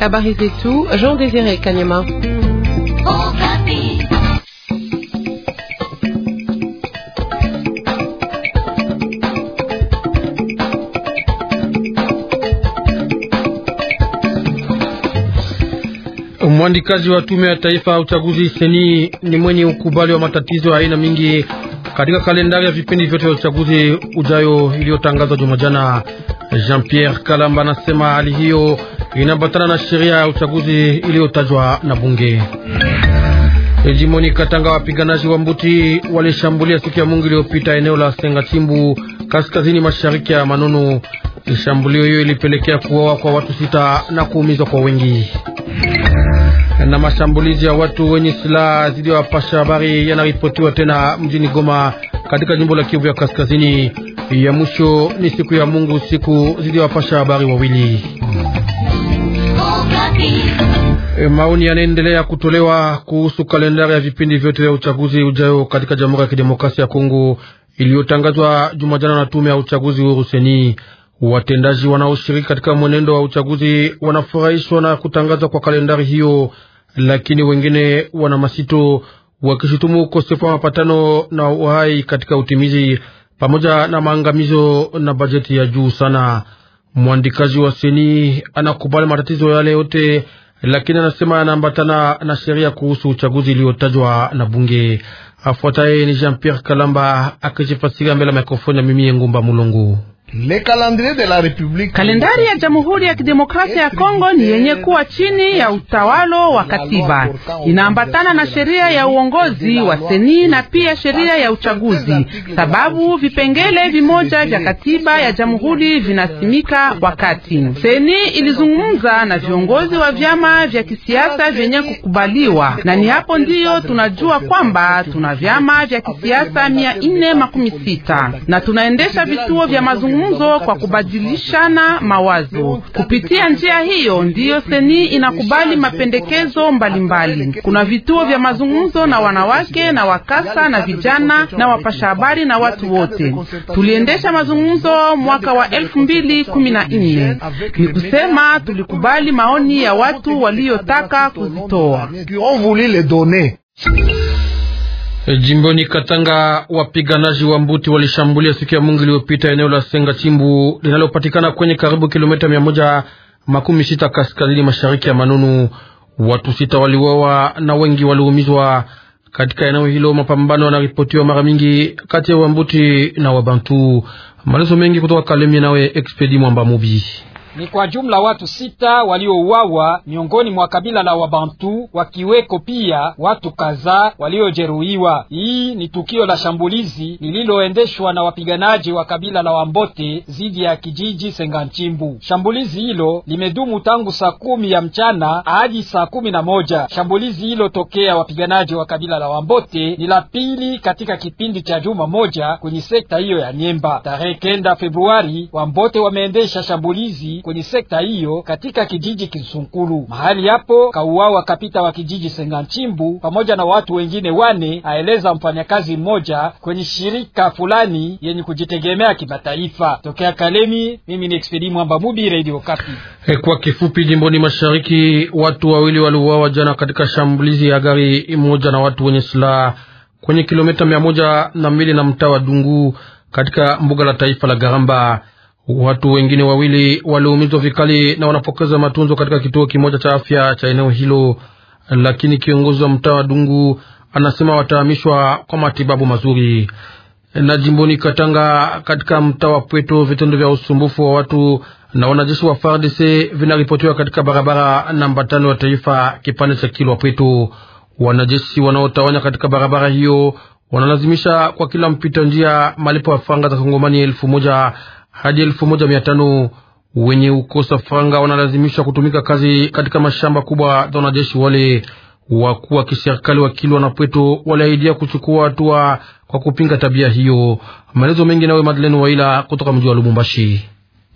Habari zetu Jean Désiré Kanyama. Mwandikaji wa tume ya taifa ya uchaguzi seni ni mwenye ukubali wa matatizo ya aina mingi katika kalendari ya vipindi vyote vya uchaguzi ujayo iliyotangazwa Jumajana. Jean-Pierre Kalamba anasema hali hiyo inabatana na sheria ya uchaguzi iliyotajwa na bunge. Mm. E, jimoni Katanga, wapiganaji wa Mbuti walishambulia siku ya Mungu iliyopita eneo la Senga Chimbu kaskazini mashariki ya Manono. Shambulio hiyo ilipelekea kuuawa kwa watu sita na kuumizwa kwa wengi. Mm. Na mashambulizi ya watu wenye silaha dhidi ya wapasha habari yanaripotiwa tena mjini Goma katika jimbo la Kivu ya kaskazini ya mwisho ni siku ya Mungu siku ziliyowapasha habari wawili. E, maoni yanaendelea kutolewa kuhusu kalendari ya vipindi vyote vya uchaguzi ujayo katika Jamhuri ya Kidemokrasia ya Kongo iliyotangazwa Jumajana na tume ya uchaguzi huru Seni. Watendaji wanaoshiriki katika mwenendo wa uchaguzi wanafurahishwa na kutangazwa kwa kalendari hiyo, lakini wengine wana masito wakishutumu ukosefu wa mapatano na uhai katika utimizi pamoja na maangamizo na bajeti ya juu sana. Mwandikaji wa seni anakubali matatizo yale yote, lakini anasema yanaambatana na sheria kuhusu uchaguzi iliyotajwa na bunge. Afuataye ni Jean Pierre Kalamba akijifasiria mbele ya mikrofoni ya mimi Ngumba Mulungu. Le calendrier de la Republique. Kalendari ya Jamhuri ya Kidemokrasia ya Kongo ni yenye kuwa chini ya utawalo wa katiba, inaambatana na sheria ya uongozi wa seni na pia sheria ya uchaguzi, sababu vipengele vimoja vya katiba ya jamhuri vinasimika wakati seni ilizungumza na viongozi wa vyama vya kisiasa vyenye kukubaliwa, na ni hapo ndiyo tunajua kwamba tuna vyama vya kisiasa mia nne na tunaendesha vituo vya mazungumzo mazungumzo kwa kubadilishana mawazo. Kupitia njia hiyo ndiyo seni inakubali mapendekezo mbalimbali mbali. Kuna vituo vya mazungumzo na wanawake na wakasa na vijana na wapasha habari na watu wote. Tuliendesha mazungumzo mwaka wa elfu mbili kumi na nne. Ni kusema tulikubali maoni ya watu waliotaka kuzitoa. Jimboni Katanga, wapiganaji wa mbuti walishambulia siku ya Mungu iliyopita eneo la Senga Chimbu linalopatikana kwenye karibu kilomita mia moja makumi sita kaskazini mashariki ya Manunu. Watu sita waliuawa na wengi waliumizwa katika eneo hilo. Mapambano yanaripotiwa mara mingi kati ya Wambuti na Wabantu. Malezo mengi kutoka Kalemie, nawe Expedi Mwamba Mubi. Ni kwa jumla watu sita waliouawa miongoni mwa kabila la Wabantu, wakiweko pia watu kadhaa waliojeruhiwa. Hii ni tukio la shambulizi lililoendeshwa na wapiganaji wa kabila la Wambote dhidi ya kijiji Senganchimbu. Shambulizi hilo limedumu tangu saa kumi ya mchana hadi saa kumi na moja. Shambulizi hilo tokea wapiganaji wa kabila la Wambote ni la pili katika kipindi cha juma moja kwenye sekta hiyo ya Nyemba. Tarehe kenda Februari, Wambote wameendesha shambulizi kwenye sekta hiyo katika kijiji Kisunkulu. Mahali hapo kauawa kapita wa kijiji Senganchimbu pamoja na watu wengine wane, aeleza mfanyakazi mmoja kwenye shirika fulani yenye kujitegemea kimataifa. Tokea Kalemi, mimi ni Expedi Mwamba Mubi, Radio Kapi. E, kwa kifupi, jimboni mashariki watu wawili waliuawa jana katika shambulizi ya gari moja na watu wenye silaha kwenye kilomita mia moja na mbili na mtaa wa Dungu katika mbuga la taifa la Garamba. Watu wengine wawili waliumizwa vikali na wanapokeza matunzo katika kituo kimoja cha afya cha eneo hilo, lakini kiongozi wa mtaa wa Dungu anasema watahamishwa kwa matibabu mazuri. Na jimboni Katanga, katika mtaa wa Pweto, vitendo vya usumbufu wa watu na wanajeshi wa FARDC vinaripotiwa katika barabara namba tano ya taifa kipande cha Kilwa Pweto. Wanajeshi wanaotawanya katika barabara hiyo wanalazimisha kwa kila mpita njia malipo ya faranga za Kongomani elfu moja hadi elfu moja mia tano wenye ukosa franga wanalazimishwa kutumika kazi katika mashamba kubwa za wanajeshi wale. Wakuu wa kiserikali wa Kilwa na Pweto waliahidia kuchukua hatua kwa kupinga tabia hiyo. Maelezo mengi nawe Madeleine Waila kutoka mji wa Lubumbashi.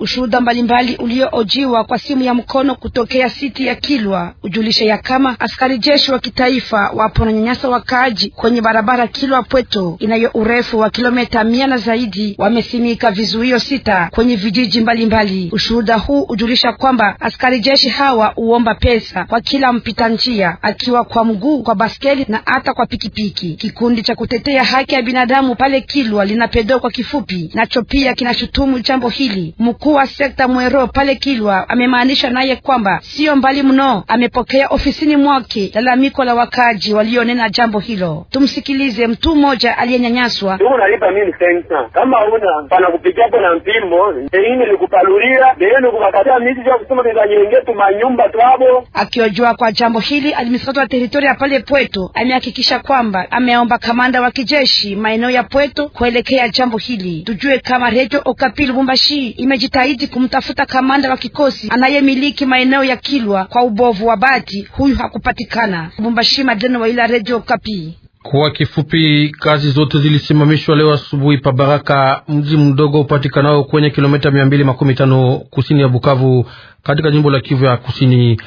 Ushuhuda mbalimbali ulioojiwa kwa simu ya mkono kutokea siti ya Kilwa ujulisha ya kama askari jeshi wa kitaifa wapo na nyanyasa wakaaji kwenye barabara Kilwa Pweto inayo urefu wa kilomita mia na zaidi, wamesimika vizuio sita kwenye vijiji mbalimbali mbali. Ushuhuda huu ujulisha kwamba askari jeshi hawa uomba pesa kwa kila mpita njia, akiwa kwa mguu, kwa baskeli na hata kwa pikipiki. Kikundi cha kutetea haki ya binadamu pale Kilwa linapedo kwa kifupi, nacho pia kinashutumu jambo hili Mkuu mkuu wa sekta Mwero pale Kilwa amemaanisha naye kwamba siyo mbali mno amepokea ofisini mwake lalamiko la wakaji walionena jambo hilo. Tumsikilize mtu mmoja aliyenyanyaswa. unalipa mimi sensa kama una hapo na mpimbo ei nilikupalulia deenu kukakatia miti ya kusema tizanyenge tumanyumba twabo. Akiojua kwa jambo hili, administrator wa teritoria pale Pweto amehakikisha kwamba ameomba kamanda wa kijeshi maeneo ya Pweto kuelekea jambo hili. Tujue kama Redio Okapi Lubumbashi imejita anajitahidi kumtafuta kamanda wa kikosi anayemiliki maeneo ya Kilwa kwa ubovu wa bati, huyu hakupatikana. Lubumbashi, Madeno wa ila Radio Kapi. Kwa kifupi, kazi zote zilisimamishwa leo asubuhi pa Baraka, mji mdogo upatikanao kwenye kilomita 215 kusini ya Bukavu katika jimbo la Kivu ya Kusini.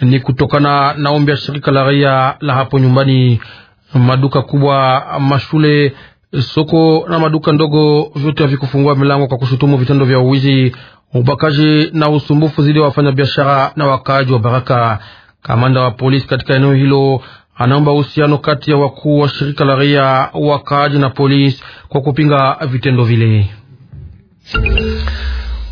Ni kutokana na ombi ya shirika la raia la hapo nyumbani. Maduka kubwa, mashule Soko na maduka ndogo vyote havikufungua milango kwa kushutumu vitendo vya uwizi, ubakaji na usumbufu zidi wafanya biashara na wakaaji wa Baraka. Kamanda wa polisi katika eneo hilo anaomba uhusiano kati ya wakuu wa shirika la raia, wakaaji na polisi kwa kupinga vitendo vile.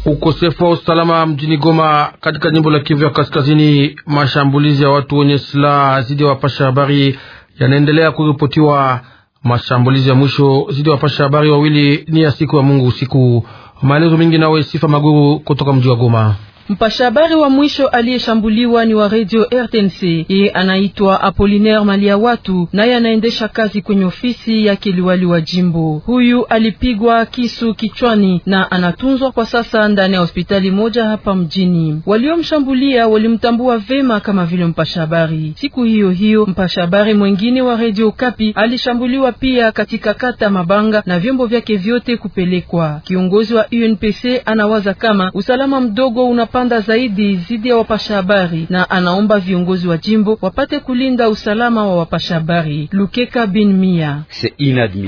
Ukosefu wa usalama mjini Goma katika jimbo la Kivu ya Kaskazini, mashambulizi ya watu wenye silaha zidi ya wapasha habari yanaendelea kuripotiwa. Mashambulizi ya mwisho zidi wapasha habari wawili ni ya siku ya Mungu usiku. Maelezo mengi nawe Sifa Maguru kutoka mji wa Goma. Mpasha habari wa mwisho aliyeshambuliwa ni wa redio RTNC. Yeye anaitwa Apolinaire Malia Watu, naye anaendesha kazi kwenye ofisi ya kiliwali wa jimbo. Huyu alipigwa kisu kichwani na anatunzwa kwa sasa ndani ya hospitali moja hapa mjini. Waliomshambulia walimtambua vema kama vile mpasha habari. Siku hiyo hiyo mpasha habari mwengine wa redio Kapi alishambuliwa pia katika kata Mabanga na vyombo vyake vyote kupelekwa. Kiongozi wa UNPC anawaza kama usalama mdogo una kupanda zaidi zidi ya wapasha habari, na anaomba viongozi wa jimbo wapate kulinda usalama wa wapasha habari. Lukeka bin Mia: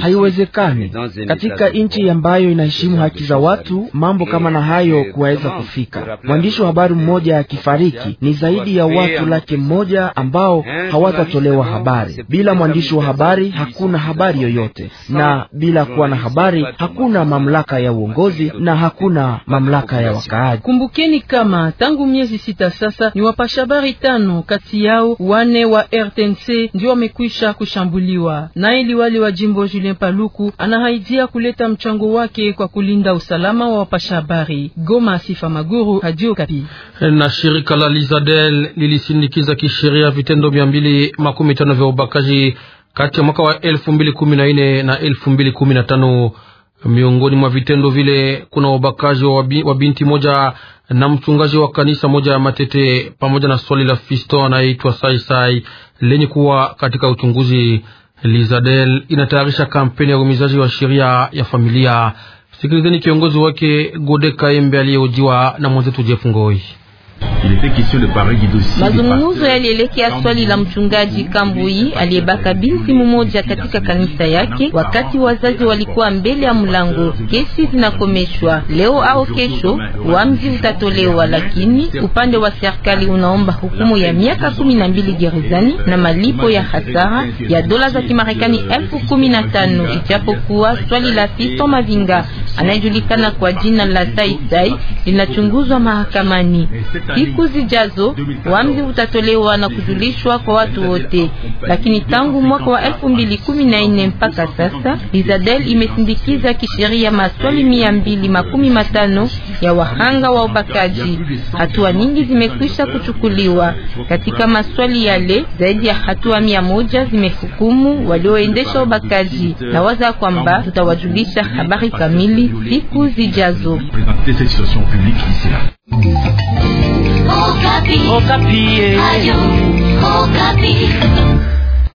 haiwezekani katika nchi ambayo inaheshimu haki za watu mambo kama na hayo kuweza kufika. Mwandishi wa habari mmoja akifariki, ni zaidi ya watu laki moja ambao hawatatolewa habari. Bila mwandishi wa habari hakuna habari yoyote, na bila kuwa na habari hakuna mamlaka ya uongozi na hakuna mamlaka ya wakaaji. Kumbukeni ka kama tangu miezi sita sasa ni wapashabari tano kati yao wane wa RTNC ndio wamekwisha kushambuliwa. Naye liwali wa jimbo Julien Paluku anahaidia kuleta mchango wake kwa kulinda usalama wa wapashabari. Goma, Sifa Maguru, Radio Kapi. Na shirika la Lizadel lilisindikiza kisheria vitendo vya mbili makumi tano vya ubakaji kati ya mwaka wa elfu mbili kumi na nne na elfu mbili kumi na tano Miongoni mwa vitendo vile kuna ubakaji wa binti moja na mchungaji wa kanisa moja ya Matete, pamoja na swali la Fiston anayeitwa Saisai lenye kuwa katika uchunguzi. Lizadel inatayarisha kampeni ya umizaji wa sheria ya familia. Sikilizeni kiongozi wake Gode Kaembe aliyehojiwa na mwenzetu Jefu Ngoi. Mazungumzo yalielekea swali la mchungaji Kambui aliyebaka binti mmoja katika kanisa yake wakati wazazi walikuwa mbele ya mlango. Kesi zinakomeshwa leo au kesho, uamuzi utatolewa, lakini upande wa serikali unaomba hukumu ya miaka kumi na mbili gerezani na malipo ya hasara ya dola za Kimarekani elfu kumi na tano ijapokuwa swali la Fisto Mavinga anayejulikana kwa jina la Taitai linachunguzwa mahakamani siku zijazo wamzi utatolewa na kujulishwa kwa watu wote. Lakini tangu mwaka wa elfu mbili kumi na nne mpaka sasa Isabel imesindikiza kisheria maswali mia mbili makumi matano ya wahanga wa ubakaji. Hatua nyingi zimekwisha kuchukuliwa katika maswali yale, zaidi ya hatua mia moja zimehukumu walioendesha ubakaji. Nawaza kwamba tutawajulisha habari kamili siku zijazo. Okapi. Okapi. Eh.